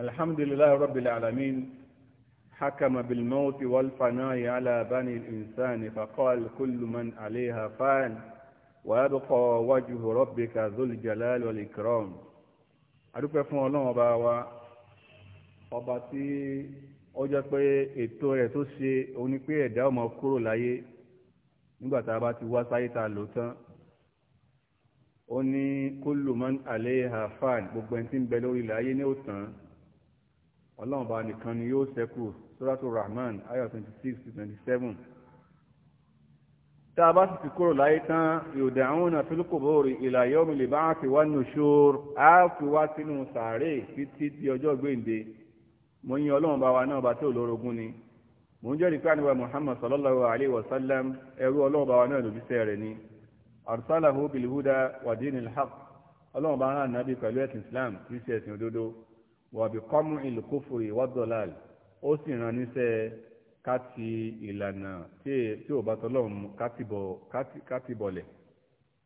الحمد لله رب العالمين حكم بالموت والفناء على بني الإنسان فقال كل من عليها فان ويبقى وجه ربك ذو الجلال والإكرام adúpẹ́ fún ọlọ́run ọba wa ọba tí ó jẹ́ pé ètò rẹ̀ tó ṣe òun ni pé ẹ̀dá ọmọ kúrò láyé nígbà tá a bá ti wá sáyé ta lò tán ó ní kullu man alayha gbogbo ẹni tí ń bẹ lórí ilẹ̀ ní òtàn ọlọ́run bá nìkan ni yóò ṣẹ́kù sóràtò rahman ayah twenty six to twenty seven tá a bá sì ti kúrò láyé tán yòdà àwọn ọ̀nà fílùkòbóòrì ìlàyé omi lè bá wọn fi wá nù ṣòro á fi wá sínú sàárè títí di ọjọ́ gbèǹde mo yin ọlọ́run bá wa náà bá tó lórogún ni mo ń jẹ́rìí pé muhammad sallallahu alayhi wa sallam ẹrú ọlọ́run wa náà lòbíṣẹ́ rẹ̀ ni arsalahu bilhuda wa dinil haq ọlọ́run bá pẹ̀lú ẹ̀sìn islam kì í ṣe ẹ̀sìn òdodo wàbí kọ́mú ìlúkúfòrè wádọ́làl ó sì rán níṣẹ́ káti ìlànà tí ò bá tọ́lọ́run káti bọ̀lẹ̀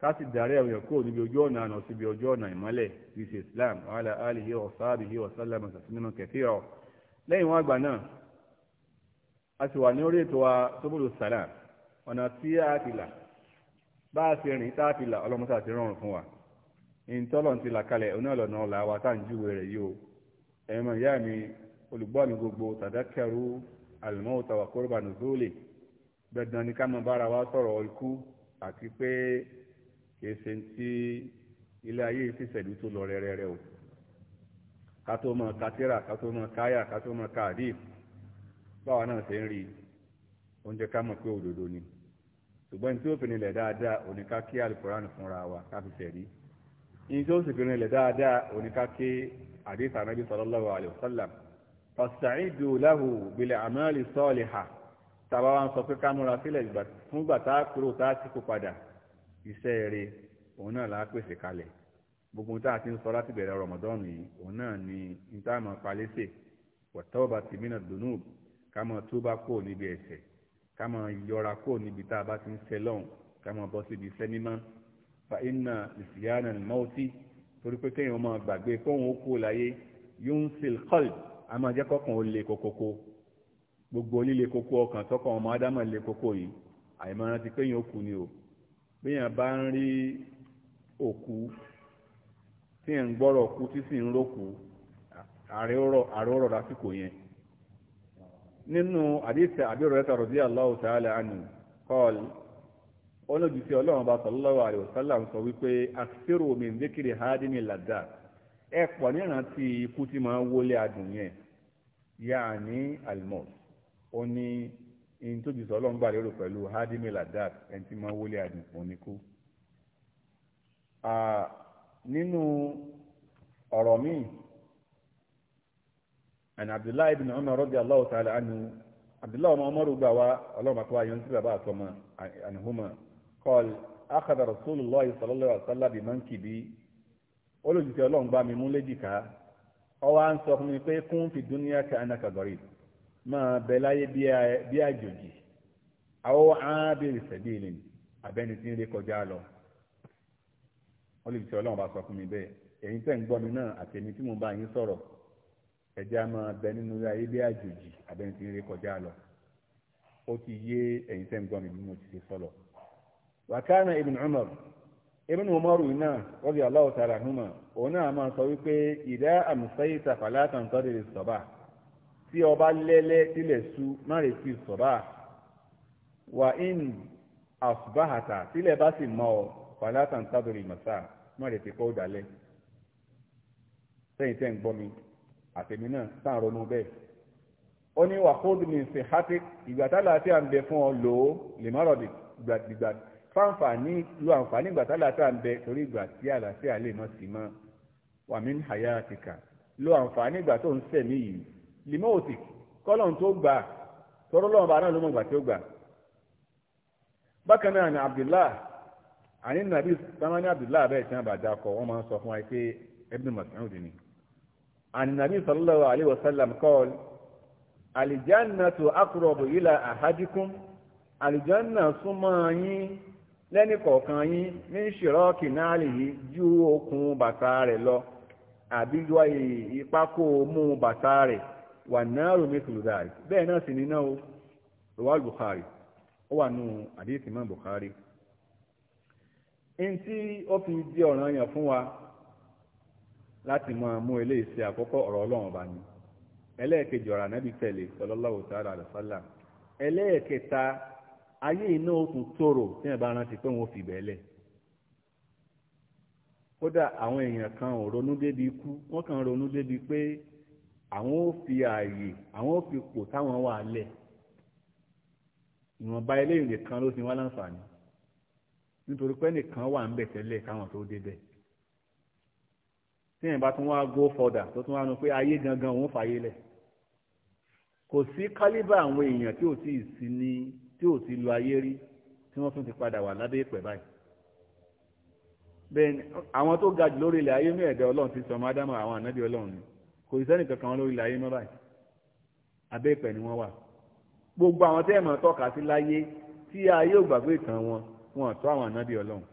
káti darí àwọn èèyàn kúrò níbi ojú ọ̀nà àná síbi ojú ọ̀nà ìmọ́lẹ̀ ti ṣe islam wàhálà alihi ọ̀sáàbìhi ọ̀sálàmù sàfihàn kẹfìrọ̀ lẹ́yìn wọn àgbà náà a sì wà ní orí ètò wa tóbùlù sàlám ọ̀nà tí a ti là bá a ṣe rìn tá a ti là ọlọ́mọta ti rọrùn fún wa ìǹtọ́lọ̀ ti là kalẹ̀ onílọ̀nà ọ̀la wa tá ń júwe rẹ̀ yìí o ẹ̀mọ̀ ìyá mi olùgbọ́ gbogbo tàdákẹ́rú àlùmọ́ọ̀tà wà kórìbà nùzólè dandan ni ká mọ bára wa sọ̀rọ̀ ikú àti pé kìí ṣe ti ilé ayé yìí ṣẹ̀dú tó lọ rẹ́rẹ́rẹ́ o ká tó mọ katira ká tó mọ káyà ká tó mọ káàdì báwa náà ṣe ń rí oúnjẹ ká pé òdodo ni ṣùgbọ́n tí ó fi nílẹ̀ dáadáa oníká kí alukoran fúnra wa ká fi ṣẹ̀rí tí ó sì fi nílẹ̀ dáadáa oníká kí àdìsí ànábì sallallahu alayhi wa sallam fàṣàìdù láhù bìlẹ̀ àmàlì sọ́ọ̀lìhà tàbá wa ń sọ pé ká múra sílẹ̀ fúngbà tá a kúrò tá a ti kó padà iṣẹ́ rere òun náà là á pèsè kalẹ̀ gbogbo tá a ti ń sọ láti bẹ̀rẹ̀ rọmọdọ́ọ̀nù yìí òun náà ni ntáàmọ̀ palẹ́sẹ̀ wọ̀tọ́ọ̀bà tìmínà dùnú ká máa túbá kó níbi ẹ̀ṣẹ̀ ká máa yọra kó níbi tá a bá ti ń ṣe lọ́hùn ká máa bọ́ síbi iṣẹ́ mímọ́ fa iná ìsìyánà mọ́tì torí pé kéèyàn máa gbàgbé kóhun ó kú láyé yóò ń sil qalb a máa jẹ́ ó le kokoko gbogbo líle koko ọkàn tọkàn ọmọ ádámà le koko yìí àìmọ̀ràn ti kéèyàn ó kú ni o béèyàn bá ń rí òkú tí ẹ̀ ń gbọ́rọ̀ kú tí sì ń rókú ààrẹ ọ̀rọ̀ lásìkò yẹn nínú àdìsẹ̀ àbí ọ̀rẹ́ta rọ̀dí Allahu ta'ala anhu qala olójúṣe ọlọ́run bá sallallahu alaihi wasallam sọ wípé àṣírò mi ń dékìrì hádìní làdá ẹ pọ̀ níran tí ikú ti máa ń wọlé adùn yẹn yáà ní almos ó ní ihun tó jùsọ ọlọ́run gbà lérò pẹ̀lú hádìní làdá ẹni tí máa ń wọlé adùn pọ̀ ní kú. nínú ọ̀rọ̀ míì ẹ̀nà abdullahi ibn umar radiyallahu ta'ala anhu abdullahi ọmọ ọmọ rúgbà wa ọlọ́run àti wa yẹn ń قال أخذ رسول الله صلى الله عليه وسلم بمنكبي olójútẹ ọlọ́run bá mi mú léjìká ọwọ́ à ń sọ fún mi pé kún fi dúníà ká anáka gọ̀rí máa bẹ láyé bí àjòjì àwọn ábẹ̀rẹ̀ sẹ̀bí ilẹ̀ abẹ́ni tí ń rí kọjá lọ olójútẹ ọlọ́run bá sọ fún mi bẹ́ẹ̀ ẹ̀yin tẹ̀ ń gbọ́ mi náà àtẹ̀mí tí mo bá yín sọ̀rọ̀ ẹ̀jẹ̀ á máa bẹ nínú ayé bí àjòjì abẹ́ni tí ń rí kọjá lọ ó ti yé ẹ̀yin tẹ̀ ń gbọ́ mi bí mo ti ṣe sọ̀rọ̀ wàkánà ibn umar ibn umar yìí náà rọ́bì aláwọ̀ tààrà húmà òun náà máa sọ wípé ìdá àmùsáyìíta fàlátàn tọ́lẹ̀ lè sọ̀bà tí ọba lẹ́lẹ́ tilẹ̀ su má retí sọ̀bà wà ín àṣùbáhàtà tilẹ̀ bá sì mọ́ ọ fàlátàn tọ́lẹ̀ lè mọ̀sá má retí kó dalẹ̀ sẹ́yìn tẹ́ ń gbọ́ mi àtẹ̀mí náà sáà ronú bẹ́ẹ̀ ó ní wàhóòdù ní ṣe hátí ìgbà tálàáfíà ń bẹ fún ọ lòó lè má rọ̀dì gbàdìgbàdì fáǹfààní lo àǹfààní ìgbà tálàtà ń bẹ torí ìgbà tí àlàáfíà lè mọ́ sí mọ́ wàmí àyà àtìkà lo àǹfààní ìgbà tó ń sẹ̀mí yìí limoti kọ́lọ̀n tó gbà tọ́rọ́ lọ́wọ́ bá náà ló mọ̀ ìgbà tó gbà. bákan náà ni abdullah àní nàbí sàmání abdullah bẹ́ẹ̀ tí wọ́n bá dá kọ wọ́n máa ń sọ fún wa pé ibn mas'ud ni. àní nàbí sallallahu alayhi wa sallam qal aljannatu aqrabu ila ahadikum àlìjánà lẹ́ni kọ̀ọ̀kan yín ní ṣìrọ́ọ̀kì náà lè yí ju okun bàtà rẹ̀ lọ àbí ju ìpákó mú bàtà rẹ̀ wà náà rò mẹ́tòlùdàrí bẹ́ẹ̀ náà sì níná o rọwà Bukhari ó wà nù àdéhìsì mọ́ tí ó wa láti àkọ́kọ́ ọ̀rọ̀ Ọlọ́run bá ní ẹlẹ́ẹ̀kejì ọ̀rọ̀ ànábì tẹ̀lé ayé iná ó tún tòrò tí ẹ̀ bá rántí pé wọ́n fi bẹ́ẹ̀ lẹ̀ kódà àwọn èèyàn kan ò ronú débi ikú wọ́n kàn ronú débi pé àwọn ò fi ààyè àwọn ò fi pò táwọn wà lẹ̀ ìwọ̀nba eléyìí nìkan ló ti wá láǹfààní nítorí pé nìkan wà ń bẹ̀ tẹ́lẹ̀ káwọn tó débẹ̀ tí èèyàn bá tún wá go further tó tún wá nu pé ayé gangan òun fàyè lẹ̀ kò sí kálíbà àwọn èèyàn tí ò tí ì sí ní tí ò ti lo ayé rí tí wọ́n tún ti padà wà lábẹ́ ìpẹ̀ báyìí bẹ́ẹ̀ àwọn tó ga jù lórí ilẹ̀ ayé ní ọlọ́run ti sọmọ ádámọ̀ àwọn ànábì ọlọ́run ni kò sí sẹ́nì kankan lórí ilẹ̀ ayé mọ́ báyìí abẹ́ ìpẹ̀ ni wọ́n wà gbogbo àwọn tẹ́ ẹ̀mọ̀ tọ́ka sí láyé tí ayé ò gbàgbé ìtàn wọn wọn tó àwọn ànábì ọlọ́run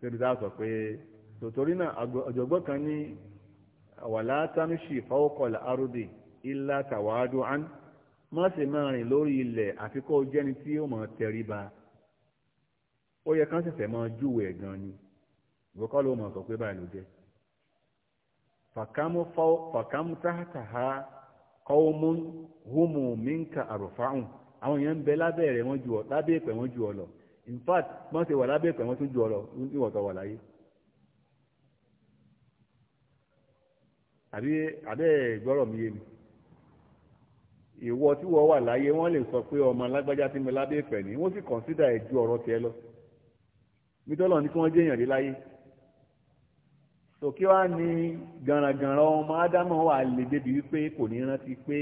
ṣébi tá a sọ pé tòtòrí náà ọ̀jọ̀gbọ́n kan ní wàlá tamshi fawqa al-ardi illa tawadu'an má sì máa rìn lórí ilẹ̀ àfi kó o jẹ́ni tí ó máa tẹríba ó yẹ kán ṣẹ̀ṣẹ̀ máa júwèé gan ni ìwọ kọ́ ló máa sọ pé báyìí ló jẹ́ fàkámú táhátàhá kọ́ọ́mún húmù mínkà àròfáhùn àwọn èèyàn ń bẹ lábẹ́ rẹ̀ wọ́n ju ọ lábẹ́ ìpẹ́ wọ́n ju ọ lọ in fact wọ́n ti wà lábẹ́ ìpẹ́ wọ́n tún ju ọ lọ níwọ̀tọ̀ wà láyé. àbí àbẹ́ ìgbọ́rọ̀ mi yé mi ìwọ tí wọ́n wà láyé wọ́n lè sọ pé ọmọ alágbájá tí mo lábẹ́ ìpẹ̀ ní wọ́n sì kọ̀nsídà ẹ̀ ju ọ̀rọ̀ tiẹ̀ lọ nítọ́lọ̀ ní kí wọ́n jẹ́yàn dé láyé so kí wá ní gànràngànrà ọmọ ádámọ̀ wà lè débi wípé kò ní rántí pé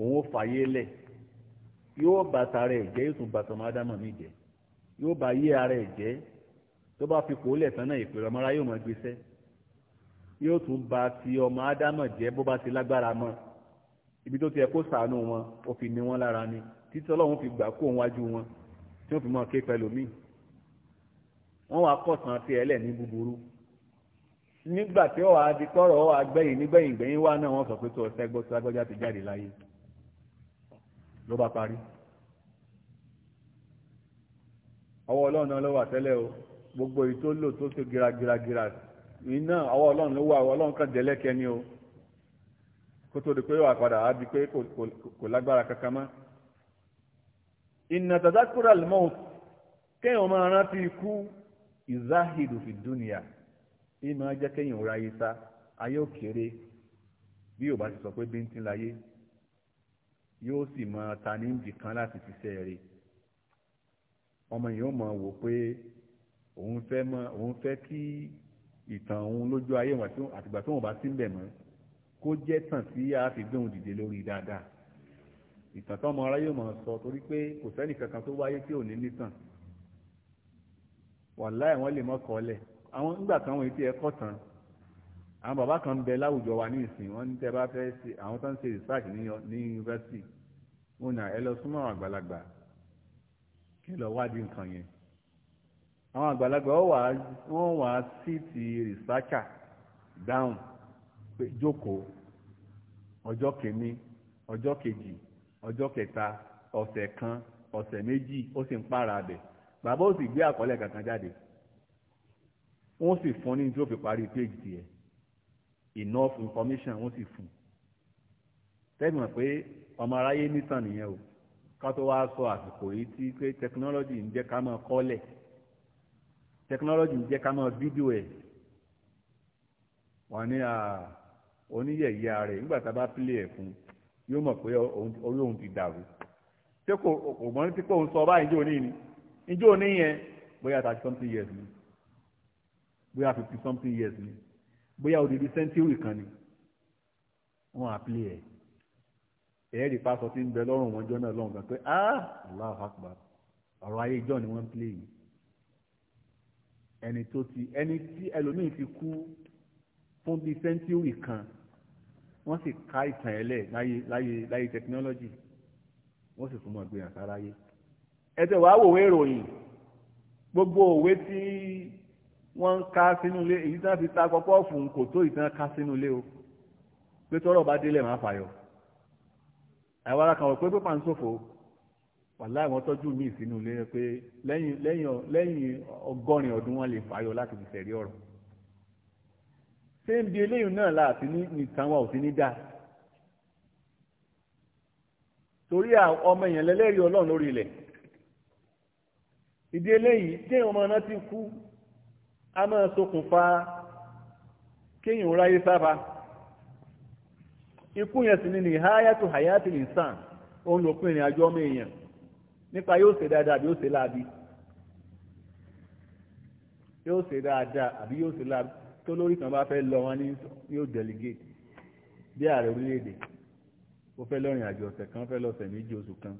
òun ó fàyè lẹ̀ yóò bàtà rẹ̀ jẹ́ yóò tún bàtà ọmọ ádámọ̀ mi jẹ́ yóò bá yé ara ẹ̀ jẹ́ tó bá fi kòólẹ̀ tán náà ìpèrè ọmọ aráyé òun gbéṣẹ́ yóò tún bá ti ọmọ ibi tó ti ẹ kó sàánú wọn ó fi wọn lára ni títí ọlọ́run fi gbà kó wájú wọn tí wọ́n fi mọ́ ké pẹ̀lú míì wọ́n wá kọ̀sán ti ẹlẹ́ ní búburú nígbà tí ọ̀hà di kọ́rọ̀ ọ̀hà gbẹ̀yìn nígbẹ̀yìn gbẹ̀yìn wá náà wọ́n sọ pé tó ọ̀sẹ́ gbọ́ tó agbọ́já ti jáde láyé ló bá parí ọwọ́ ọlọ́run náà ló wà tẹ́lẹ̀ o gbogbo èyí tó lò tó ṣe gíragíragíra iná ọwọ́ ọlọ́run ló wà ọlọ́run kan dẹ́lẹ́kẹ́ ni o kó tó di pé wà padà á di pé kò lágbára kankan mọ́ ìnà tàdákùrà lmọ́t kéèyàn máa rántí ikú ìzáhìdù fi dúnìyà yìí máa jẹ́ kéèyàn ra ayé sá ayé ò kéré bí yóò bá ti sọ pé bíntín láyé yóò sì máa ta ní ibì kan láti ṣiṣẹ́ rẹ̀ ọmọ yìí ó máa wò pé òun fẹ́ kí ìtàn òun lójú ayé wọn àtìgbà tó wọn bá sí ń bẹ̀ mọ́ kó jẹ́ tàn tí a fi gbóhùn dìde lórí dáadáa ìtàn tọ́mọ aráyé mọ̀ sọ torí pé kò sẹ́nì kankan tó wáyé tí ò ní nítàn wàláì wọ́n lè mọ́ kọ́lẹ̀ àwọn nígbà kan wọ́n ti ẹ̀kọ́ tán àwọn bàbá kan ń bẹ láwùjọ wa ní ìsìn wọ́n ní tẹ́ bá fẹ́ ṣe àwọn tó ń ṣe research ní yunifásitì wọn nà ẹ lọ súnmọ́ àwọn àgbàlagbà kí lọ wádìí nǹkan yẹn àwọn àgbàlagbà wọ́n wà á síìtì researcher down pé jókòó ọjọ́ kìíní ọjọ́ kejì ọjọ́ kẹta ọ̀sẹ̀ kan ọ̀sẹ̀ méjì ó sì ń para bẹ̀ bàbá ó sì gbé àkọlé kankan jáde wọ́n sì fún ní tí ó fi parí péjì tiẹ̀ enough information wọ́n sì fún tẹ́gbọ̀n mọ̀ pé ọmọ aráyé nìtàn nìyẹn o ká tó wá sọ àsìkò yìí tí pé technology ń jẹ́ ká máa kọ́lẹ̀ technology ń jẹ́ ká máa fídíò ẹ̀ wọ́n ní à. Uh, oníyẹ̀yẹ́ rẹ̀ nígbà tá a bá pílẹ̀ ẹ̀ fún yóò mọ̀ pé orí òun ti dàrú ṣé kò kò mọ́ ní kó ń sọ báyìí ijó ní ni ijó ní yẹn bóyá thirty something years ni bóyá fifty something years ni bóyá odidi century kan ni wọ́n á pílẹ̀ ẹ̀ ẹ̀ẹ́dì pásọ tí ń bẹ lọ́rùn wọn jọ náà lọ́hùn kan pé ah Allahu Akbar ọ̀rọ̀ ayé ìjọ ni wọ́n ń pílẹ̀ yìí ẹni tó ti ẹni tí ẹlòmíì ti kú fún bíi sẹ́ńtúrì kan wọ́n sì ká ìtàn ẹlẹ́ láyé láyé láyé tẹkinọ́lọ́jì wọ́n sì tún mọ̀ gbé àṣà láyé. ẹ̀tẹ̀ wàá wòwe ìròyìn gbogbo òwe tí wọ́n ń ká sínú ilé èyí tí wọ́n fi ta kọ́kọ́ fún kò tó ìtàn ká sínú ilé o pé tọ́rọ̀ bá délẹ̀ máa fàyọ. àwọn ará kan wọ̀ pé pépà ń ṣòfò wàhálà ìwọ̀n tọ́jú míì sínú ilé pé lẹ́yìn lẹ́yìn lẹ́yìn ọgọ́rin ọdún wọn lè fàyọ láti fi ṣẹ̀rí ọ̀rọ̀ ṣé ń bi eléyìí náà láti ní nìkan wa ò sí ní dá torí ọmọ èèyàn lẹ́lẹ́rìí ọlọ́run lórí ilẹ̀ ìdí eléyìí téèyàn ọmọ náà ti kú a máa ṣokùnfà kéèyàn ráyé sábà ikú yẹn sì ni ní hayatu hayati insan òun lòpin ìrìn àjò ọmọ èèyàn nípa yóò ṣe dáadáa àbí yóò ṣe láabi yóò ṣe dáadáa àbí yóò ṣe láabi tó lórí kan bá fẹ́ lọ wọn ní yóò delegate bí ààrẹ orílẹ̀-èdè ó fẹ́ lọ́rìn àjò ọ̀sẹ̀ kan fẹ́ lọ́sẹ̀ méjì oṣù kan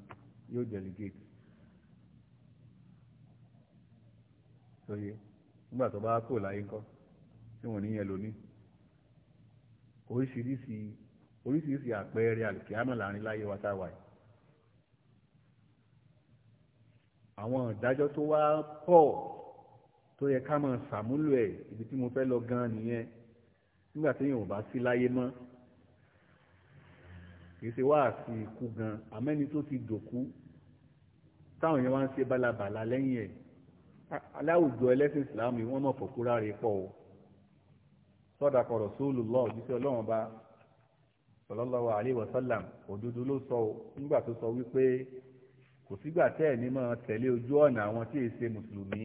yóò delegate sóye nígbà tó bá kò láyé ńkọ́ tí wọ́n níyẹn lóní oríṣiríṣi oríṣiríṣi àpẹẹrẹ àlùkìyàmọ̀ láàrin láyé wa táwa yìí àwọn ìdájọ́ tó wá pọ̀ tó yẹ ká máa ṣàmúlò ẹ̀ ibi tí mo fẹ́ lọ gan nìyẹn nígbà tí yóò bá sí láyé mọ́ kì í ṣe wá àti ikú gan amẹ́ni tó ti dòkú táwọn yẹn wá ń ṣe bálabàla lẹ́yìn ẹ̀ aláwùjọ ẹlẹ́sìn ìsìláàmù wọ́n mọ̀ fòkúra rẹ̀ pọ̀ o sọ́dà kọ̀rọ̀ sóòlù lọ òjíṣẹ́ ọlọ́run bá sallallahu alaihi wasallam òdodo ló sọ o nígbà tó sọ wípé kò sígbà tẹ́ ẹ̀ ní máa tẹ̀lé ojú ọ̀nà àwọn tí èsè mùsùlùmí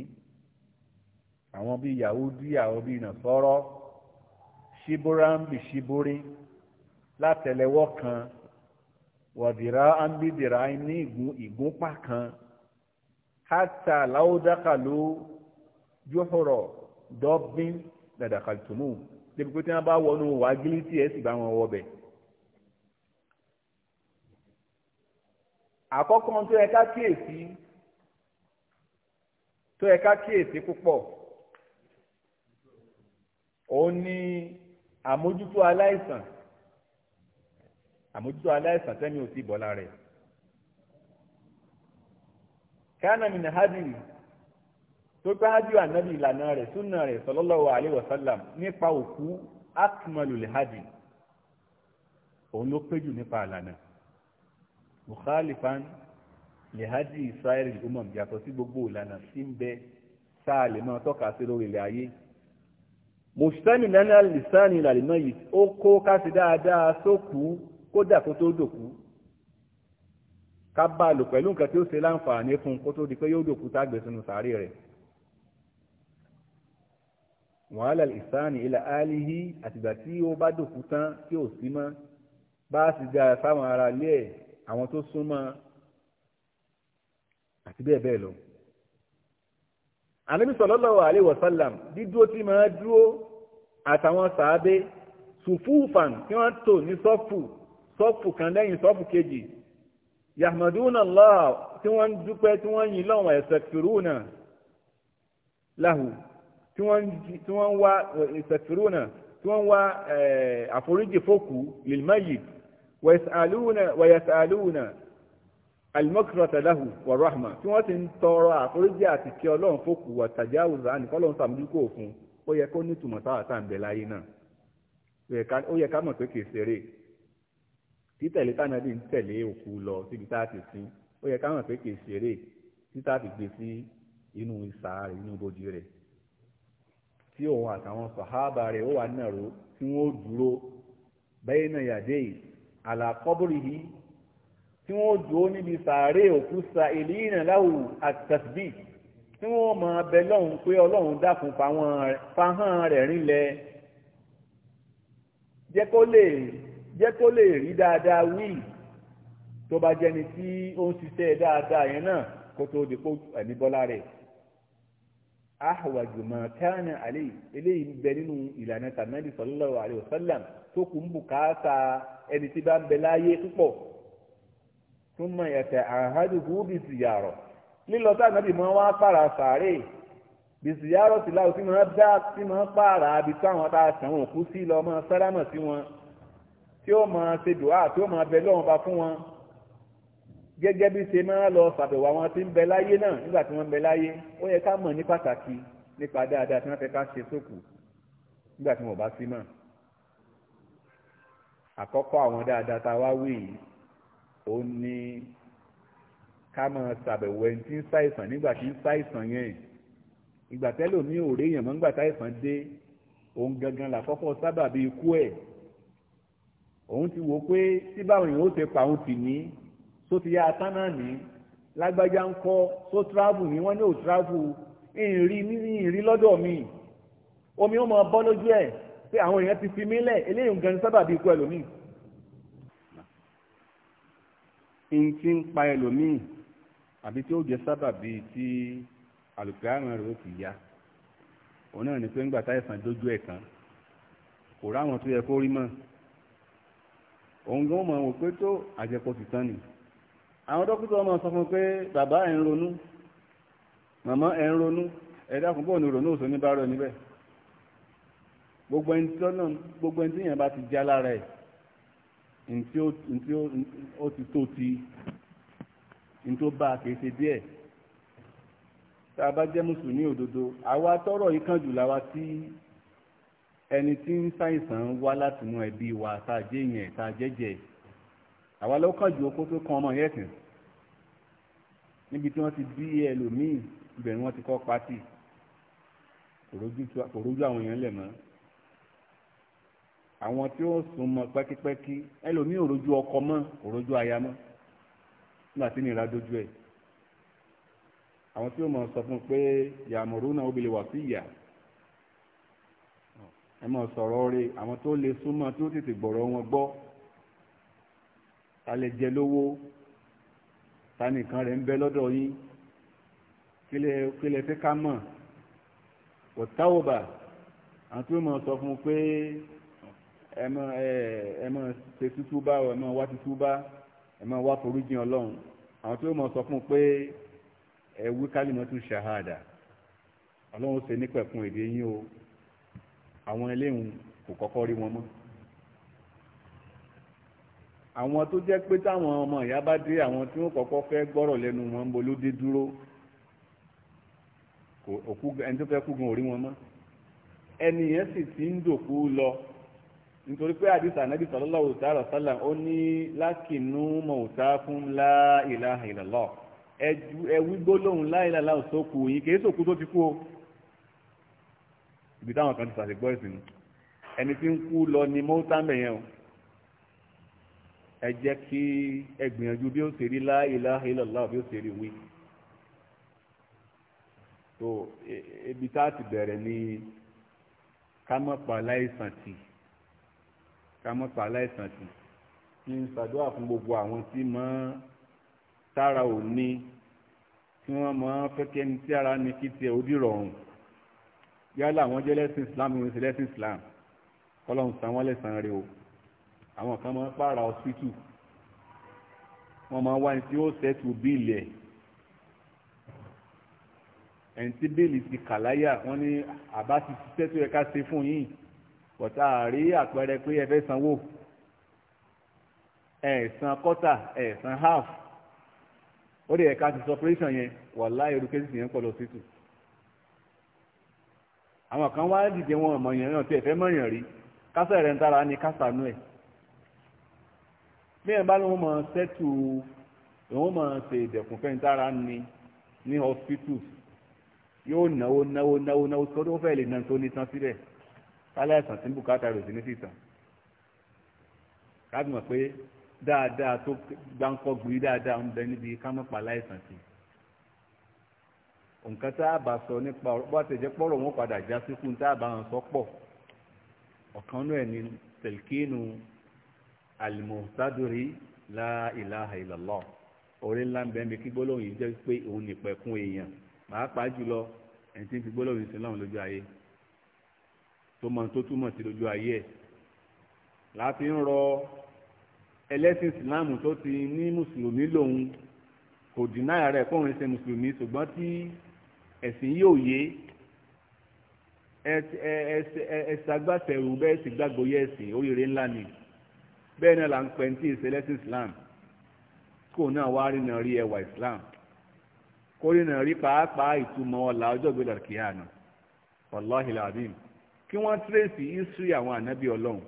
àwọn bíi yahudi àwọn bíi nàṣọ́rọ́ ṣíbóráǹbì ṣíbórí látẹlẹwọ́ kan wọ̀dìrá ámbídìrá ní ìgúnpá kan hátà láódákàló jóhòrò dọ́bín dàdàkàtúmù débi pé tí wọ́n bá wọnú wàgílì tí ẹ sì bá wọn wọbẹ̀. àkọ́kọ́ tó yẹ ká kíyèsí tó yẹ ká kíyèsí púpọ̀ òun ni àmójútó aláìsàn àmójútó aláìsàn tẹ́mi ò sí bọ́lá rẹ̀ kánàmì ní hádìrì tó gbá hádìrì ànábì ìlànà rẹ̀ súnà rẹ̀ sallallahu alaihi wasallam nípa òkú akmalu lè hádìrì òun ló péjù nípa àlànà mukhalifan lè hádìrì israẹli umam yàtọ̀ sí gbogbo ìlànà sí ń bẹ sáà lè máa tọ́ka sí lórí ilẹ̀ ayé mùsùlùmí nánà lìsánì làlìmọ́ yìí ó kó kásì dáadáa sókú kódà kó tó dòkú ká bá lò pẹ̀lú nǹkan tí ó ṣe láǹfààní fún kó tó di pé yóò dòkú tá gbé sínú sàárè rẹ̀ wàhálà ìsánì ilẹ̀ áálíhí àtìgbà tí ó bá dòkú tán tí ò sí mọ́ bá sì dáa sáwọn ará ilé ẹ̀ àwọn tó súnmọ́ àti bẹ́ẹ̀ bẹ́ẹ̀ lọ. ànábì sallallahu alaihi wasallam dídúró tí máa dúró àtàwọn sàábé sùfúùfàn tí wọ́n tò ní sọ́fù sọ́fù kan lẹ́yìn sọ́fù kejì yahmaduna allah tí wọ́n ń dúpẹ́ tí wọ́n yìn lọ́wọ́ ẹ̀sẹ̀fìrúnà láhù tí wọ́n wá ẹ̀sẹ̀fìrúnà tí wọ́n wá eh, àforíjì fókù lilmayi wẹ̀yẹ̀sàlúnà alimọ́kìrọ̀tà láhù wà tí wọ́n ti ń tọrọ àforíjì àti kí ọlọ́run fókù wà tàjáwùzà nìkọ́lọ́run sàmójúkò fún un ó yẹ kó nítumọ̀ sáwà tá à ń bẹ láyé náà ó yẹ ká mọ̀ pé kìí ṣeré títẹ̀lé tánàbí ń tẹ̀lé òkú lọ síbi tá a ti sin ó yẹ ká mọ̀ pé kìí ṣeré títà fi gbé sí inú ìsà rẹ̀ inú ibojì rẹ̀ tí òun àtàwọn sàhábà rẹ̀ ó wà nàró tí wọ́n dúró bẹ́ẹ̀ náà yàdé àlàkọ́bùrì yìí tí wọ́n dúró níbi sàárè òkú sa ìlú ìrìnláwù àtàsbí tí wọ́n máa bẹ lọ́hùn pé ọlọ́run dákun fahán rẹ̀ rinlẹ̀ jẹ́ kó lè jẹ́ kó lè rí dáadáa wí tó bá jẹni tí ó ń ṣiṣẹ́ dáadáa yẹn náà kó tó di kó ẹ̀mí bọ́lá rẹ̀ ahwaju ma kana alayhi eléyìí bẹ nínú ìlànà tànàbí sallallahu alayhi wa tó kù ń bùkátà ẹni tí bá ń bẹ láyé púpọ̀ thumma yata'ahaduhu bi ziyarah lílọ tá ànábì mọ́ wá pààrà sàárè bìsìyàrọ̀ sí láwù tí mọ́ dá tí mọ́ pààrà àbí táwọn tá a sàn wọn kú sí lọ mọ́ sálámọ̀ sí wọn tí ó mọ ṣe dùá tí ó mọ bẹ lọ́wọ́n bá fún wọn gẹ́gẹ́ bí ṣe máa lọ ṣàbẹ̀wò àwọn tí ń bẹ láyé náà nígbà tí wọ́n bẹ láyé ó yẹ ká mọ̀ ní pàtàkì nípa dáadáa tí wọ́n fẹ́ ká ṣe sókù nígbà tí wọ́n bá sí mọ́ àkọ́kọ́ àwọn dáadáa tá a wá wí yìí òun ni ká máa ṣàbẹ̀wò ẹni tí ń ṣàìsàn nígbà tí ń ṣàìsàn yẹn ìgbà tẹ́lò ní òré èèyàn mọ́ nígbà táìsàn dé òun gangan làkọ́kọ́ sábàbí ikú ẹ̀ òun ti wò pé tí báwọn èèyàn ó ṣe pa òun tì ní tó ti yá atán náà ní lágbájá ń kọ́ só travel ní wọ́n ní ò travel ìrì ìrì lọ́dọ̀ mi omi ó mọ bọ́ lójú ẹ̀ pé àwọn èèyàn ti fi mí lẹ̀ eléyìí gan sábàbí ikú ẹlòmíì. n ti ń pa ẹlòmíì àbí tí ó jẹ́ sábàbí tí àlùkìyàmọ̀ rẹ̀ ó fi ya òun náà ni pé ńgbà táìsàn dójú ẹ̀ kan kò ráwọn tó yẹ kó rí mọ́ òun gan mọ̀ wò pé tó àjẹpọ̀ ti tán ni àwọn dókítà ọmọ sọ fún pé bàbá ẹ̀ ń ronú màmá ẹ̀ ń ronú ẹ̀ dákun bọ́ọ̀ ni ronú òsò ní níbẹ̀ gbogbo ẹni tí ọlọ́run gbogbo ẹni tí èèyàn bá ti já lára ẹ̀ ní tí ó ti tó ti ní tó bá a kì í ṣe díẹ̀ tá a bá jẹ́ mùsùlùmí òdodo àwa tọrọ yìí kan jù láwa tí ẹni tí ń ṣàìsàn wá láti mú ẹbí wa tá a jẹ́ yẹn tá a jẹ́jẹ́ àwa ló kàn ju okó tó kan ọmọ yẹn sìn níbi tí wọ́n ti bí ẹlòmíì ibẹ̀ ni ti kọ́ pátì kò rójú àwọn èèyàn lẹ̀ mọ́ àwọn tí ó sún mọ́ pẹ́kípẹ́kí ẹlòmíì ò rójú ọkọ mọ́ kò rójú aya mọ́ nígbà tí nira dojú ẹ̀ àwọn tí ó mọ̀ sọ fún pé yàmùrú náà obìnrin wà sí ìyà ẹ mọ̀ sọ̀rọ̀ rẹ̀ àwọn tó lè súnmọ́ tí ó tètè gbọ̀rọ̀ wọn gbọ́ ta lè jẹ lówó ta nìkan rẹ̀ ń bẹ lọ́dọ̀ yín kí lè fẹ́ ká mọ̀ ọ̀táwọ̀bà àwọn tí ó mọ̀ sọ fún pé ẹ mọ̀ ṣe tútúbá ẹ mọ̀ wá tútúbá ẹ mọ̀ wá foríjìn ọlọ́run àwọn tí ó mọ̀ sọ fún un pé ẹ wí kálímọ̀ tún ṣàhádà ọlọ́run ṣe nípẹ̀kun èdè yín o àwọn eléhùn kò kọ́kọ́ rí wọn mọ́ àwọn tó jẹ́ pé táwọn ọmọ ìyá bá dé àwọn tí wọ́n kọ́kọ́ fẹ́ gbọ́rọ̀ lẹ́nu wọn ń bo ló dé dúró òkú ẹni tó fẹ́ kú gan orí wọn mọ́ ẹni yẹn sì ti ń dòkú lọ nítorí pé àdìsá nàbì sallallahu alaihi wasallam ó ní lákìnnú mọ̀ọ́tá fún la ilaha illallah ẹwí gbólóhùn la ilaha illallah sókù yìí kì í sòkú tó ti kú o ibi táwọn kan ti sàṣegbọ́ ìsìn ẹni tí ń kú lọ ni mọ́tà mẹ́yẹn o ẹ jẹ́ kí ẹ gbìyànjú bí ó ṣe rí la ilaha bí ó ṣe rí wí tó e, e, ibi tá a ti bẹ̀rẹ̀ ni ká mọ̀ pa láìsàn tì í ká mọ́ pa aláìsàn sí kí n ṣàdúrà fún gbogbo àwọn tí mọ́ tára ò ní tí wọ́n mọ́ fẹ́kẹ́ ní tí ara ní kí tiẹ̀ ó dìrọ̀rùn yálà àwọn jẹ́ lẹ́sìn Islam ìrìn sí lẹ́sìn Islam kọ́lọ́hún san wọ́n lẹ́sàn rẹ̀ o àwọn kan mọ́ pààrà ọ̀sítù wọ́n máa wá ní tí ó sẹ́tù bíìlì ẹ̀ ẹ̀ǹtí bíìlì ti kà láyà wọ́n àbá ti ṣiṣẹ́ tó yẹ ká ṣe fún yín bọ̀tá àrí àpẹẹrẹ pé ẹ fẹ́ sanwó ẹ san kọ́tà ẹ san half ó dẹ̀ ẹ̀ka ti sọ operation yẹn wàláhì irú kéésì yẹn pọ̀ lọ sí tù àwọn kan wá dìde wọn ọmọ yẹn náà tí ẹ fẹ́ mọ̀yàn rí kásẹ̀ rẹ̀ ń tara ni kásánú ẹ̀ bí ẹ bá ní wọn mọ sẹ́tù wọn mọ ṣe ìdẹ̀kùn fẹ́ ń tara ni ní hospital yóò náwó náwó náwó náwó sọ́dọ̀ ó lè nà tó ní tán síbẹ̀ aláìsàn tí ń bùkátà rẹ̀ sí ní sísan ká mọ̀ pé dáadáa tó gbáǹkọ́ gbìí dáadáa ń bẹ níbi ká mọ̀ pa aláìsàn sí nǹkan tá a bá sọ nípa ọ̀rọ̀ bá ti jẹ́ wọn padà já sí fún tá a bá wọn sọ pọ̀ ọ̀kan náà ni tẹ̀lkínú alimọ̀sádùrí la ilaha illallah orí ńlá ń bẹ́ẹ̀ mi kí gbólóhùn yìí jẹ́ pé òun nìpẹ̀kún èèyàn pàápàá jùlọ ẹni tí ń fi gbólóhùn sí lọ́run lójú ayé tó mọ tó túmọ̀ sí lójú ayé ẹ̀ láti ń rọ ẹlẹ́sìn ìsìláàmù tó ti ní mùsùlùmí lòun kò dìnáyà rẹ̀ kóun ṣe mùsùlùmí ṣùgbọ́n tí ẹ̀sìn yóò yé ẹ̀sàgbàtẹ̀rù bẹ́ẹ̀ sì gbàgbọ́ yẹ ẹ̀sìn oríire ńlá ni bẹ́ẹ̀ náà là ń pẹ́ tí ìṣe lẹ́sìn Islam kò náà wá rí náà rí ẹwà Islam kó rí náà rí pàápàá ìtumọ̀ ọ̀la ọjọ́ ìgbéra kí wọ́n tírèsì history àwọn ànábì ọlọ́run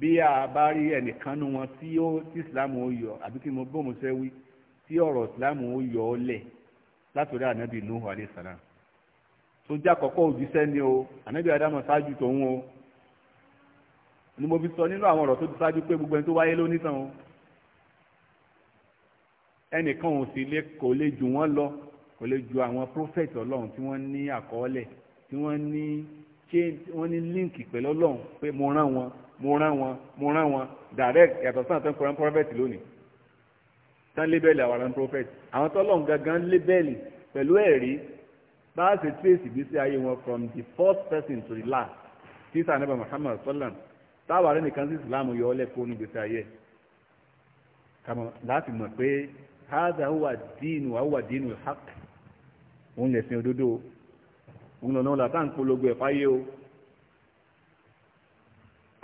bí a bá rí ẹnìkan nu wọn tí ó tí ìsìláàmù ó yọ àbí kí mo bóun ṣe wí tí ọ̀rọ̀ ìsìláàmù ó yọ ọ́ lẹ̀ látòrí ànábì nuhu alayhi tó jẹ́ àkọ́kọ́ òjíṣẹ́ ni o ànábì adamu ṣáájú tòun o ni mo fi sọ nínú àwọn ọ̀rọ̀ tó ti ṣáájú pé gbogbo ẹni tó wáyé ló nítàn o ẹnìkan ò sì lè kò lè jù wọ́n lọ kò lè ju àwọn prophet ọlọ́run tí wọ́n ní àkọọ́lẹ̀ tí wọ́n ní chain wọ́n ní link pẹ̀lú ọlọ́run pé mo rán wọn mo rán wọn mo rán wọn direct yàtọ̀ sáà tó ń kọrin prophet lónìí tán lébẹ̀lì àwọn ọ̀ràn prophet àwọn tọ́lọ̀ gangan lébẹ̀lì pẹ̀lú ẹ̀rí bá a ṣe trace ìgbésí ayé wọn from the first person to the last tí sànẹ́bà Muhammad sallam táwa rẹ̀ nìkan sí Islam yọ ọ́ lẹ́kọ́ ní ìgbésí ayé kàmọ́ láti mọ̀ pé hadha huwa dínú huwa dínú al-haqq òun lè sin òdodo òun ọ̀nà ọ̀là táà ń polongo ẹ̀fà yé o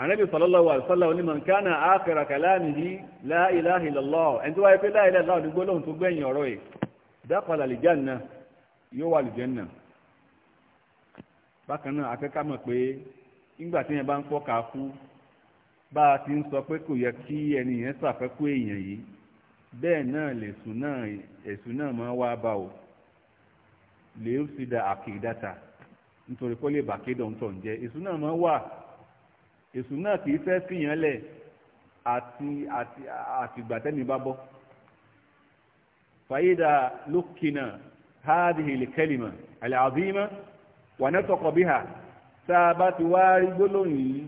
ànábì sallallahu alaihi wasallam ní man kana akhira kalamihi la ilaha illallah ẹni tó wáyé pé la ilaha illallah nígbó lóhun tó gbẹ̀yìn ọ̀rọ̀ yìí dakhala aljanna yóò wà aljanna bákan náà akẹ́kọ̀ọ́ mọ̀ pé nígbà tí yẹn bá ń pọ̀ ká kú bá a ti ń sọ pé kò yẹ kí ẹni yẹn ṣàfẹ́kù èèyàn yìí bẹ́ẹ̀ náà lẹ̀sùn náà ẹ̀sùn náà máa wá bá o lè ó sì da àkìdátà nítorí kó lè bàkédọ̀ ń tọ̀ ń jẹ́ èṣù náà máa wà èṣù náà kì í fẹ́ fìyàn lẹ̀ àti àti àtìgbà tẹ́mi bá bọ́ fàyídà lókìnà hádìhì lìkẹ́lìmà àlàáfíìmà wà nẹ́tọ̀kọ̀ bíhà tá a bá ti wá rí gbólóhùn yìí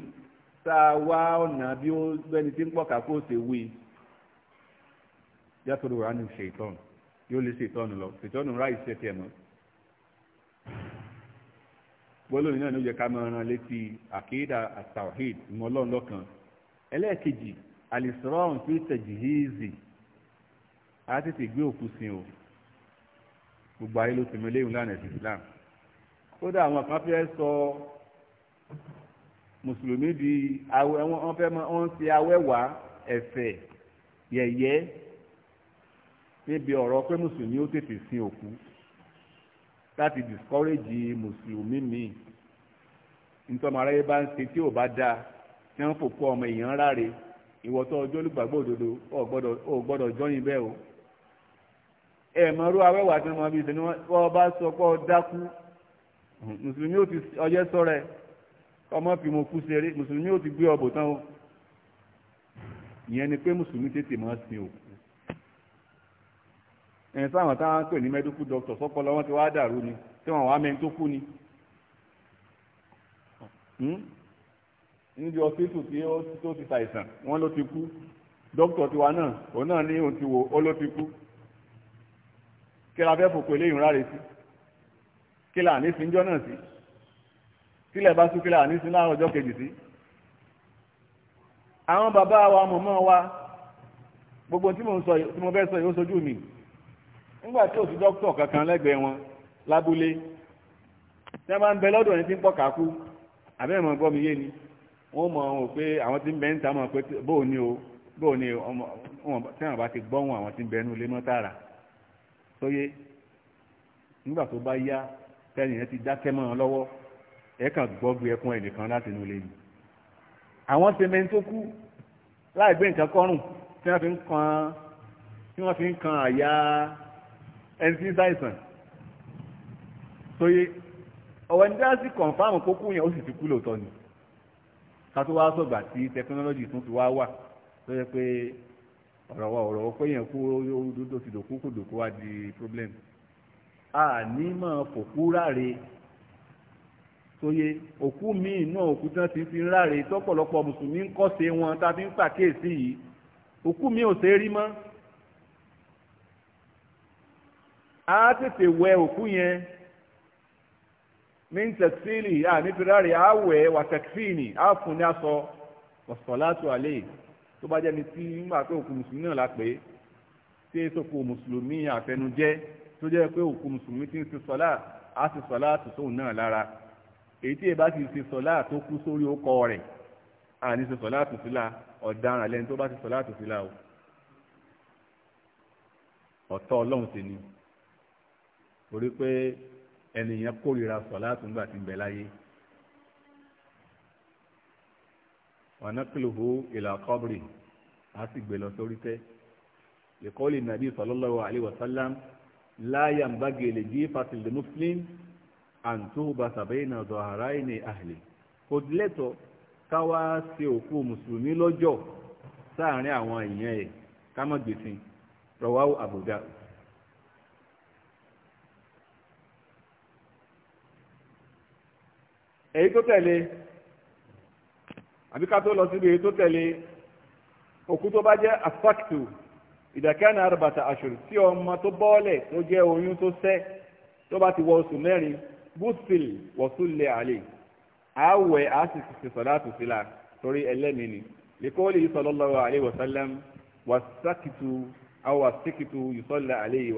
tá a wá ọ̀nà bí ó gbẹ́ni tí ń pọ̀ kàkó ṣe wí yàtọ̀ lóra ní ṣètọ́nù yóò lè ṣètọ́nù lọ ṣètọ́nù ráì ṣẹ́tì ẹ̀ mọ́ gbólóhùn náà ló yẹ ká máa ran létí àkéèdà àtàwáhìd ìmọ̀ ọlọ́run lọ́kan ẹlẹ́ẹ̀kejì àlìsọ́rọ̀hún tí ó tẹ̀jì híìzì á tètè gbé òkú sin o gbogbo ayé ló tẹ̀mí léyìn lánàá sí Islam kódà àwọn kan fẹ́ sọ mùsùlùmí di awẹ wọn fẹ́ mọ wọn ti awẹ́wà ẹ̀fẹ̀ yẹ̀yẹ́ níbi ọ̀rọ̀ pé mùsùlùmí ó tètè sin òkú láti discourage mùsùlùmí mi nítorí ọmọ aráyé bá ń ṣe tí ò bá dáa tí wọ́n fòkú ọmọ èèyàn ráre ìwọ́tọ́ ọjọ́ olùgbàgbọ́ òdodo ò gbọ́dọ̀ jọyìn bẹ́ẹ̀ o ẹ̀ẹ̀mọ̀rú awẹ́wà tí wọ́n bí ṣe ni wọ́n bá sọ pé ọ dákú mùsùlùmí ò ti ọjẹ́ sọ́rẹ̀ ọmọ fi mo kú ṣeré mùsùlùmí ò ti gbé ọbọ̀ tán o ìyẹn ni pé mùsùlùmí tètè máa sin òkú ẹ̀yìn sáwọn táwọn ń pè ní medical doctor sọ́pọ̀ lọ́wọ́ ti wá dàrú ni tí wọ́n wá mẹ́ni tó kú ni. Hmm? níbi ọsítù tí ó tó ti ṣàìsàn wọ́n ló ti kú dókítà tiwa náà òun náà ní òun ti wò ó ló ti kú. kí la fẹ́ fòpin eléyìí ráre sí kí la ní síjọ́ náà sí kílẹ̀ bá sún kí la ní sí láàárọ̀ ọjọ́ kejì sí. àwọn bàbá wa mọ̀mọ́ wa gbogbo tí mo fẹ́ sọ yìí ó sojú mi nígbà tí ò sí dókítà kankan lẹ́gbẹ̀ẹ́ wọn lábúlé tí wọ́n bá ń bẹ lọ́dọ̀ ẹni tí ń pọ̀ kákú àbẹ́ mọ̀ gbọ́ mi yé ni wọ́n mọ̀ ọ́n pé àwọn tí ń bẹ ń ta mọ̀ pé bóò ni o bóò ni ọmọ tí wọ́n bá ti gbọ́hùn àwọn tí ń bẹ nú ilé mọ́ tààrà sóyé nígbà tó bá yá tẹ́lẹ̀ yẹn ti dákẹ́ mọ́ ọ lọ́wọ́ ẹ kàn gbọ́gbé ẹkún ẹnìkan láti inú ilé yìí àwọn ti mẹ́ni tó kú láì gbé nǹkan ẹni tí ń ṣàìsàn tó yé ọ̀wẹ́ ní dáhà sí kọ̀ǹfàmù kókó yẹn ó sì ti kú lóòótọ́ ni ká tó wá sọ̀gbà tí tẹkinọ́lọ́jì tún ti wá wà tó yẹ pé ọ̀rọ̀ wa ọ̀rọ̀ pé yẹn kú ó ti dòkú kò dòkú wá di problem a ní máa fòkú ráre tóye òkú míì náà òkú tí wọ́n ti fi ń ráre tọ́pọ̀lọpọ̀ mùsùlùmí ń kọ́ ṣe wọn tá a fi ń pàkíyèsí yìí òkú míì ò ṣe rí mọ́ á tètè wẹ òkú yẹn min tẹ̀sílì à nítorí rẹ̀ á wẹ̀ wà tẹ̀kfíìnì á fún ní aṣọ wọ̀sọ̀látò àlẹ́ tó bá jẹ́ ni tí nígbà pé òkú mùsùlùmí náà la pè é tí é sọ́kò mùsùlùmí àfẹnujẹ́ tó jẹ́ pé òkú mùsùlùmí ti ń ṣe sọ́lá á sì sọ́lá tòótọ́ náà lára èyí tí èbá ti ṣe sọ́lá tó kú sórí ọkọ rẹ̀ à ní ṣe sọ́lá tó sílá ọ̀daràn lẹ́ni tó bá ti sọ́lá tó sílá o ọ̀tọ̀ ọlọ́run sì ni torí pé ẹnìyàn kórìíra sọ̀láàtù ńgbà tí ń bẹ láyé wọnàkìlùhù ìlà kọ́bìrì á sì gbé lọ sórí tẹ́ ìkọ́lì nàbí sallallahu alaihi wasallam láyà ń bá gèlè jí fásilì muslim àǹtóhùbà sàbẹ́yìnà zọ̀hàráìnì àhìlì kò lẹ́tọ̀ káwá ṣe òkú mùsùlùmí lọ́jọ́ sáàárín àwọn èèyàn ẹ̀ ká má gbèsè rọwáwò àbùdá èyí tó tẹ̀lé àbí ká tó lọ síbi èyí tó tẹ̀lé òkú tó bá jẹ́ afáktù ìdàkẹ́ni arúbàtà àṣùrù tí ọmọ tó bọ́ọ̀lẹ̀ tó jẹ́ oyún tó sẹ́ tó bá ti wọ oṣù mẹ́rin bùsìl wọ̀súlẹ̀ àlè àwẹ̀ á sì ti sọ̀láàtù sílá torí ẹlẹ́mìí ni lèkọ́ọ̀lì sallallahu alaihi wasallam wàsákìtù àwọn wàsíkìtù yusalla alaihi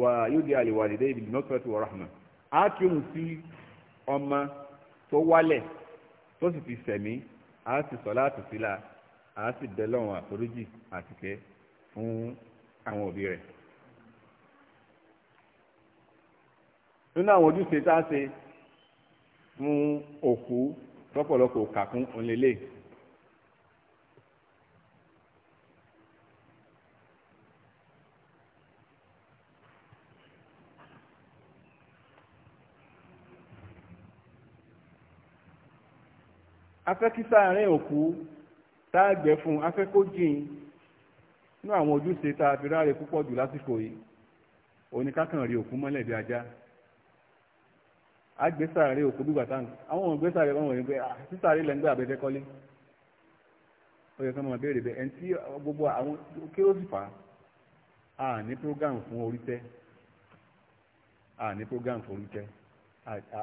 wa yóò di àlè wàlídẹ́ ibi nọ́tọ̀tù wa rahma á kírun sí ọmọ tó wálẹ̀ tó sì fi sẹ̀mí a sì sọ láti sílá a sì bẹ lọ́wọ́n àforíjì àtìkẹ́ fún àwọn òbí rẹ̀. nínú àwọn ojúṣe tá a ṣe fún òkú tọ́pọ̀lọpọ̀ kàkún òǹlélẹ́yìí afẹ́ kí sáàárín òkú tá a gbẹ́ fún afẹ́ kó jìn nínú àwọn ojúṣe tá a fi ráre púpọ̀ jù lásìkò yìí oníkákan rí òkú mọ́lẹ̀ bí ajá agbésàárè òkú bí gbàtà àwọn ọmọ gbésàárè wọn wọ̀nyí pé ah, sísàárè lẹ́ ń gbé abẹ́fẹ́ kọ́lé ó yẹ kí wọ́n máa béèrè bẹ́ẹ̀ ẹni tí gbogbo àwọn kí ló sì fà á à ní program fún orí tẹ́ à ní program fún orí tẹ́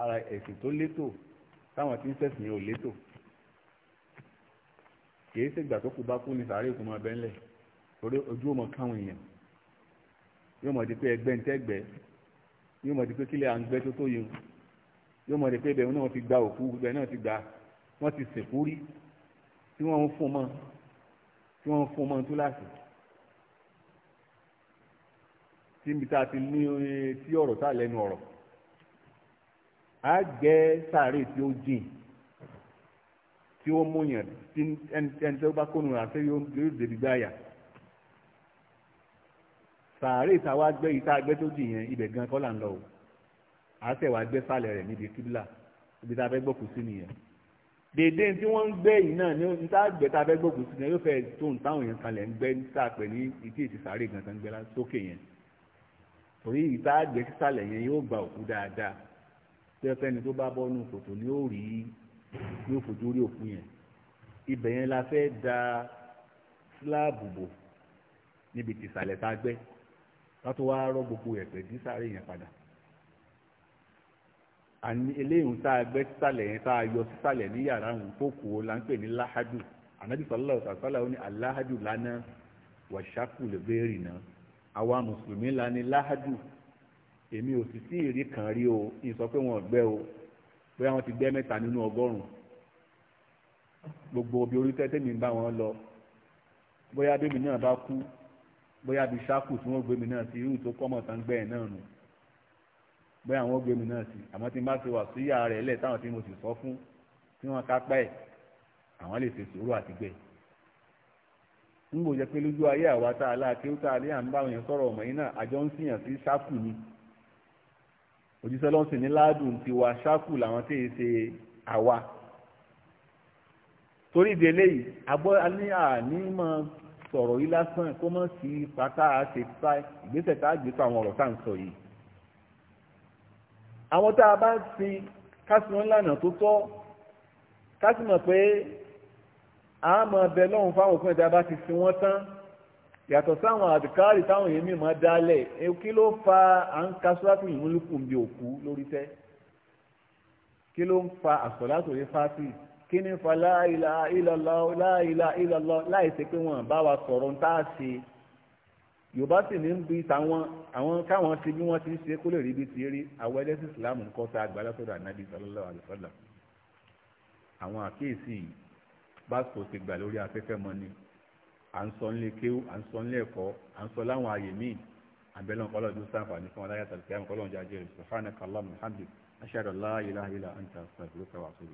ara ẹ̀sìn tó létò táwọn tí ń ṣẹ̀sìn ò létò kìí ṣe ìgbà tó kù bá kú ní sàárè ìkùnmọ abẹ ńlẹ torí ojú ọmọ káwọn èèyàn yóò mọ̀ di pé ẹgbẹ́ ń tẹ́gbẹ́ yóò mọ̀ di pé kílẹ̀ à ń gbẹ́ tó tó yẹ yóò mọ̀ di pé ibẹ̀ náà ti gba òkú ibẹ̀ náà ti gba wọ́n ti sìnkú rí tí wọ́n ń fún mọ́ tí wọ́n ń fún mọ́ túláàsì síbi tá a ti ní tí ọ̀rọ̀ tá lẹ́nu ọ̀rọ̀ á gẹ́ sàárè tí ó jìn tí ó múyàn tí ẹni tó bá kónú àṣẹ yóò débi gbáyà sàárè ìtawá gbé ìta gbẹ́ tó jì yẹn ibẹ̀ gan kọ́ là ń lọ o àṣẹwà gbé sàlẹ̀ rẹ̀ níbi kíbílà ibi tá a fẹ́ gbòkú sí nìyẹn dèdè tí wọ́n ń gbẹ́ yìí náà ní níta gbẹ́ tá a fẹ́ gbòkú sí nìyẹn yóò fẹ́ tó ń táwọn yẹn kalẹ̀ ń gbẹ́ tá a pè ní ìtí ìtì sàárè gan kan gbẹ́ sókè yẹn torí ìta gbẹ́ sísàlẹ̀ yẹn yóò gba òkú dáadáa tẹ́fẹ́ni tó bá bọ́nú yóò fojú rí òkú yẹn ibẹ̀ yẹn la fẹ́ da síláàbù bò níbi tìsàlẹ̀ tá a gbẹ́ látó wá rọ gbogbo ẹ̀pẹ̀ dí sáré yẹn padà àní eléyìí tá a gbẹ́ sísàlẹ̀ yẹn tá a yọ sísàlẹ̀ ní yàrá òun tó kù ó la ń pè ní láhádù ànábì sọlá ọ̀sà sọlá ó ní aláhádù lánàá wàṣákù lè béèrè náà àwa mùsùlùmí la ní láhádù èmi ò sì sí ìrí kan rí o ìsọ pé wọn ò o bóyá wọ́n ti gbẹ́ mẹ́ta nínú ọgọ́rùn-ún gbogbo obì orí tẹ́tẹ́mi ń bá wọn lọ bóyá bẹ́mi náà bá kú bóyá bíi ṣáàkù tí wọ́n gbẹ́mi náà sí irú tó kọ́mọ̀ tán gbẹ́ẹ̀ náà nù bóyá wọ́n gbẹ́mi náà sí àmọ́ tí n bá ti wà sí ìyá rẹ̀ lẹ̀ táwọn tí mo sì sọ fún tí wọ́n kápá ẹ̀ àwọn lè ṣe sùúrù àti gbẹ̀. ń gbòjẹ́ pé lójú ayé àwa tá a láàkéwú tá a lé à ń bá àwọn yẹn sọ̀rọ̀ ọ̀mọ̀ yín náà àjọ ń síyàn sí ṣáàkù ni òjíṣẹ́ lọ́n sì ní ládùn ti wa ṣákù làwọn tí ì ṣe àwa torí ìdí eléyìí agbọ́ ní àní máa sọ̀rọ̀ yìí lásán kó mọ̀ sí pátá ṣe pa ìgbésẹ̀ tá a gbé pa àwọn ọ̀rọ̀ tá à ń sọ yìí àwọn tá a bá ń sin kásìmọ́ lànà tó tọ́ kásìmọ̀ pé a máa bẹ lọ́hùn fáwọn òpin ìdá bá ti sin wọ́n tán yàtọ̀ sáwọn àdìkárì táwọn èèyàn mímọ́ dálẹ̀ kí ló fa à ń ka sọ́dátù ìmúlùkùn bí òkú lórí tẹ́ kí ló ń fa àsọ̀látò lè fásitì kí ní fa láìlà ìlàlọ́ láìlà ìlàlọ́ láìsí pé wọ́n bá wa sọ̀rọ̀ ń táà ṣe yorùbá sì ní ń bi tàwọn àwọn káwọn ti bí wọ́n ti ń ṣe kó lè rí ibi ti rí àwọn ẹlẹ́sìn ìsìlámù ń kọ́ sa àgbàlá sọ́dọ̀ ànábì sallallahu alaihi àwọn àkíyèsí bá sọ̀ ti gbà lórí afẹ́fẹ́ mọ́ni à ń sọ nílé kéwú à ń sọ nílé ẹ̀kọ́ à ń sọ láwọn àyè míì àbẹ̀lẹ̀ ọ̀pọ̀lọ̀ ọdún sáfà ní fún wọn láyàtọ̀ kí á ń an la ilaha illa anta astaghfiruka